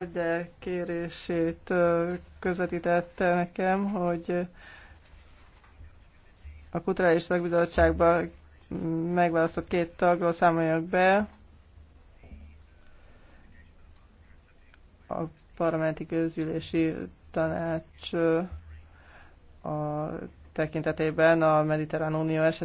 Alde kérését közvetítette nekem, hogy a Kulturális Szakbizottságban megválasztott két tagról számoljak be a parlamenti közgyűlési tanács a tekintetében a Mediterrán Unió esetében.